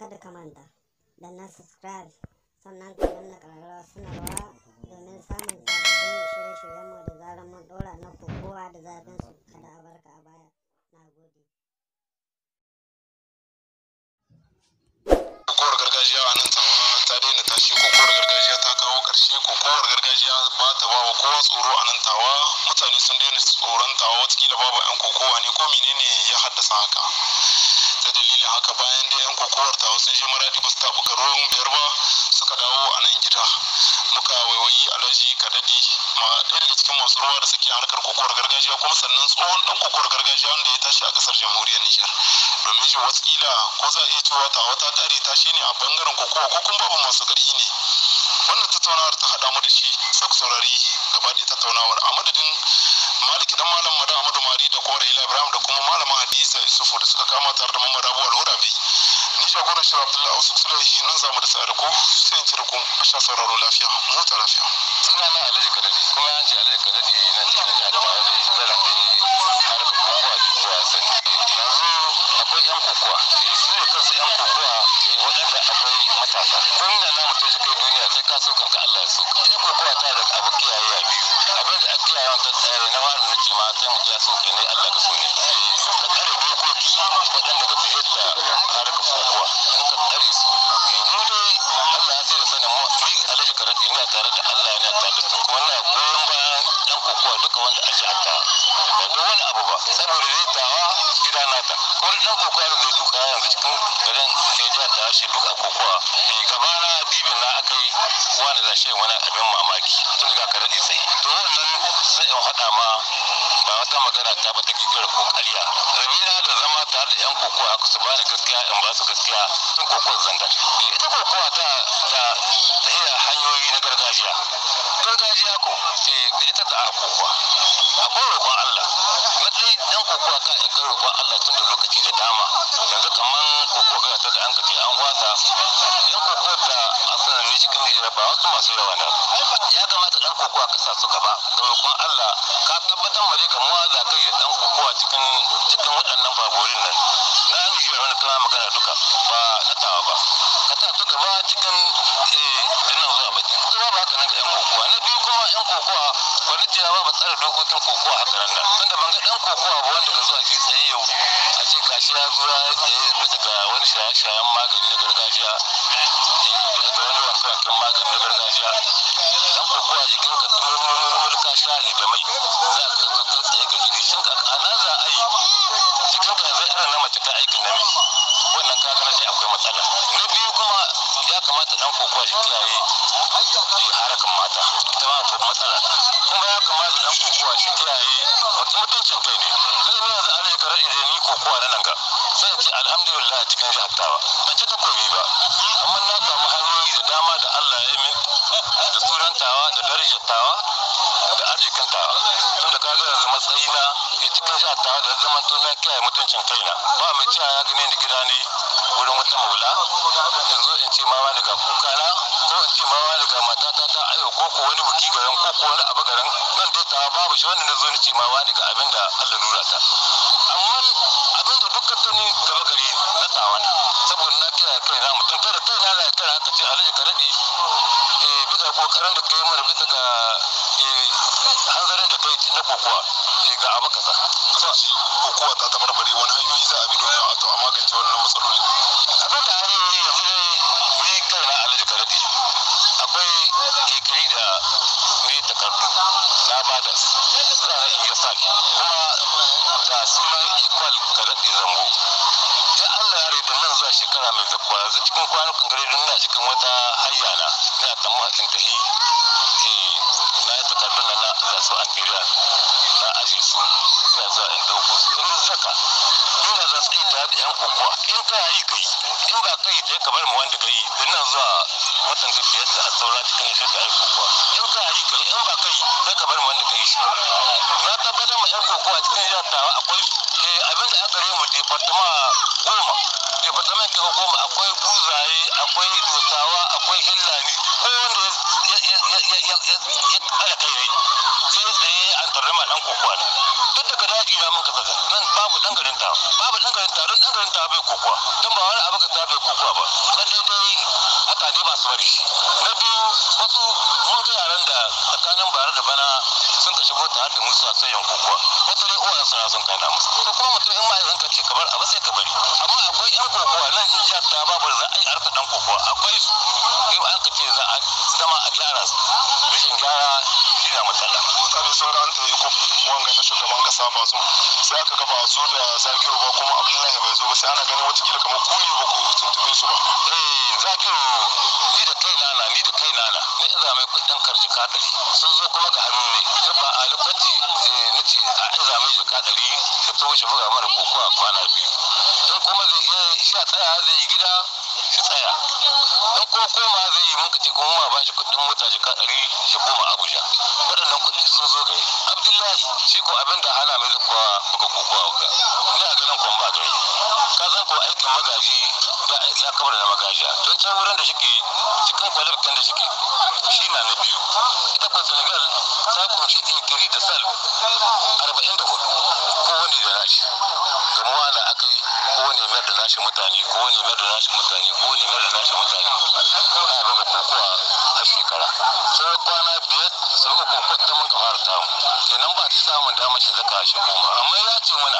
kada ka manta da na subscribe sannan ka danna ƙararrawa sanarwa domin samun sabbin shirye-shiryenmu da zarar mun ɗora na kowa da zafin su kada a barka a baya na gode kokowar gargajiya a nan tawa ta daina tashi kokowar gargajiya ta kawo ƙarshe kokowar gargajiya ba ta ba wa kowa tsoro a nan tawa mutane sun daina tsoron tawa watakila babu 'yan kokowa ne ko menene ya haddasa haka shi haka bayan da yan kokowar ta sun shi maradi ba su buka ruwan biyar ba suka dawo a nan gida muka waiwayi alhaji kadadi ma ɗaya daga cikin masu ruwa da suke harkar kokowar gargajiya kuma sannan tsohon ɗan kokowar gargajiya wanda ya tashi a ƙasar jamhuriyar nijar domin shi watsila ko za a iya cewa ta wata ƙare ta shi ne a bangaren kokowa ko kuma babu masu ƙarfi ne wannan tattaunawar ta haɗa mu da shi sai ku saurari gaba ɗaya tattaunawar a madadin maliki dan malam mada amadu mari da kuma raila ibrahim da kuma malamin hadiza yusufu da suka kama tare da mamman rabu alhuda bai ni jagoran shirin abdullahi wasu sulai nan za mu da tsari, ku sai in cire ku a sha sauraro lafiya Mu mota lafiya suna na alhaji kadadi kuma an ce alhaji kadadi na cikin jihar da ma'aikata sun zara da harkar kukuwa da kowa sani yanzu akwai yan kukuwa? Eh, su ne kansu yan kukuwa, eh, waɗanda akwai matasa kun da na mutum shi kai duniya sai ka so kanka allah ya so ita kukuwa ta da abu kiyaye biyu abin da ake yawan tattare na wani nake ma sai mutum ya so ke ne Allah ka so ne ka tsare dokoki waɗanda ba su yadda harkar kuwa in ka tsare su eh, ne dai Allah ya tsare sanin mu ni alaji karatu ina tare da Allah yana tare da su kuma na goyon bayan ɗan kokowa duka wanda ake haka ba da wani abu ba saboda zai tawa gida nata wani dan kokowa da zai duka yanzu cikin garin sai ya ta shi duka kokowa eh gaba na dibin na yi wani za shi wani abin mamaki tun ga karadi sai to wannan sai in haɗa ma ba wata magana ta ba da kokariya rabina da zama tare da yan kokowa su ba ni gaskiya in ba su gaskiya sun kokowa zanga eh, ita kokowa ta da iya hanyoyi na gargajiya gargajiya ko eh ga ita da aka kokowa akwai roƙon Allah matsayi yan kokowa ka ya ga roƙon Allah tun da lokaci da dama yanzu kaman koko ga ta da an kace an wata yan kokowa da asalin ne cikin Nijar ba wasu masu yawa ne ya kamata dan kokowa ka sa su gaba da roƙon Allah ka tabbatar mu dai kamuwa za ka yi a cikin cikin waɗannan fagorin nan na shi wani kana magana duka ba na tawa ba ka ta duka ba cikin eh, dina zuwa ba ta ba haka nan ga yan kokowa na biyu kuma yan kokowa gwamnati ya ba ba tsara dokokin kokowa haka nan da tunda ban ga ɗan kokowa ba wanda ga zuwa fi tsaye yau a ce gashi ya zuwa ya tsaye bisa ga wani shaye-shayen magani na gargajiya eh, bisa ga wani wankan magani na gargajiya dan kokowa jikin ka tumurmurmur sha ne da mai za ka ana za a yi cikin zai irin na mace ta aikin namiji wannan ka gana sai akwai matsala na biyu kuma ya kamata dan kokowa shi kiyaye harakan mata ita ma matsala kuma ya kamata dan kokowa shi kiyaye mutuncin kai ne zai ne yanzu ana karar idan ni kokowa na nan ga sai ce alhamdulillah cikin jihar tawa ban ka takobi ba amma na samu hanyoyi da dama da Allah ya yi min da surantawa da darajar tawa ji kanta tunda ka ga yanzu matsayi na ya cikin sha ta da zaman to na kiyaye mutuncin kaina ba mai cewa ya gani ni gida ne wurin wata maula yanzu in ce mama wani ga kukana ko in ce mama ne ga matata ta ayo ko ko wani buki garan ko ko wani abu garan nan dai ta babu shi wanda nazo ni ce mama wani ga abin da Allah nura ta amma abin da dukkan tuni gaba gari na tawana saboda na kiyaye kaina mutum kada kaina na kai ka ce alaji ka eh bisa kokarin da kai mana bisa ga eh, hanzarin da kai na kokowa sai eh, ga abu kaza kokowa ta tabarbare wani hanyoyi za a bi domin a to a magance wannan matsaloli abin da hanyoyi yanzu ne ni kai na alaji karate akwai ekari da ne takardu na bada za a iya sa kuma da sunan ikwal karate zango ya Allah ya da nan zuwa shekara mai zakwa yanzu cikin kwanukan gare don na cikin wata hayyana ina tamma in tahi takardun na na su anterior na aje su ina zuwa in dauko su in zaka ina za su kai da yan kokowa in ka yi kai in ba kai da ka bar mu wanda ka kai ina zuwa watan ka biyar da saura cikin da ka yi kokowa in ka yi kai in ba kai da ka bar mu wanda ka kai shi na tabbatar ma yan kokowa cikin jihar tawa akwai eh, abin da aka remu departama goma departament goma akwai buzaye akwai dosawa akwai hillani ko ya ya ya ya ya ya ya tsaye ya ya dan ya ya ya ya ya ya ka ya babu dan garin ta babu dan garin ta don dan garin ta bai kokuwa don ba wani abu ka ta bai kokuwa ba na daidai mutane ba su bari shi na biyu wasu mun yaran da tsakanin bara da bana sun kashe shigo ta da musu a yan kokuwa wasu dai uwa sun sun kai na musu to kuma mutum in ma yanzu ka ce kamar abu sai ka bari amma akwai yan kokuwa nan in jihar ta babu za a yi arta dan kokuwa akwai su an ka ce za a zama a gyara su rashin gyara shi na matsala mutane sun ga an ta yi wanga na shugaban kasa ba su sai aka gaba zo da zakiru ba kuma abdullahi bai zo ba sai ana ganin wata kila kamar kuni ba ku tuntuɓe su ba eh zakiru ni da kai na ni da kai na mi iza mai kudin karji ka ɗari sun zo kuma ga hannu ne ya ba a lubati eh, na ce a iza mai jika ɗari da ta wuce buga mana ko kuma kwana biyu don kuma zai iya shi a tsaya zai yi gida shi tsaya don kuma koma zai yi muka ce kuma ba shi kudin mota jika ɗari shi koma abuja waɗannan kudi sun zo ga abdullahi shi ko abin da hana mai zakuwa buga kokowa zan kuwa aikin magaji ya kamar da magajiya don can wurin da shike cikin kwalifikan da shike shi na na biyu ita kuwa senegal ta kunshi inkiri da sal 44 kowane da nashi gamuwa na aka yi kowane mayar da nashi mutane kowane mayar da nashi mutane kowane mayar da nashi mutane a buga kokowa a shekara sai kwana biyar sai buga kokowa ta mun kawar ta tamu kenan ba ta samun damar shi zaka shi kuma amma ya ce mana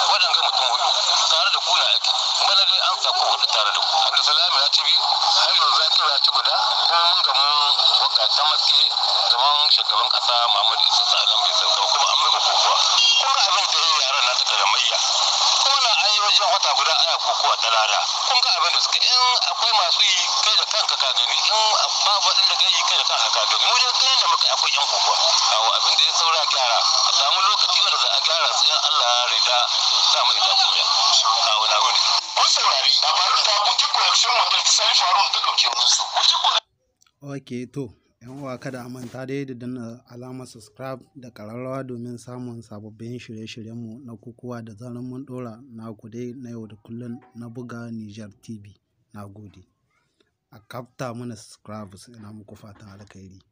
waɗanga mutum hudu tare da kuna aiki kuma na an sako hudu tare da ku salami ya ci biyu hajjo zakir ya ci guda kuma mun ga mun wakata maske gaban shugaban kasa muhammadu isa tsadan bai sauka kuma an maka kokowa kuma abin da ya yaran na ta mayya kuma na an yi wajen wata guda ana kokowa ta lada kun ga abin da suka in akwai masu yi kai da kanka ka gani in babu da kai kai da kanka ka gani mu dai ganin da muka akwai yan kokowa abin da ya saura gyara a samu lokaci wanda za a gyara su in Allah ya rida Oke na saurari da connection ta faru dauke to, ‘yan uwa kada a manta dai da danna alamar subscribe da ƙararrawa domin samun sababbin shirye-shiryenmu na kukuwa da zarar mun ɗora na dai na yau da kullun na buga Nijar TV. Na gode. A kafta mana subscribe ina muku fatan alkhairi.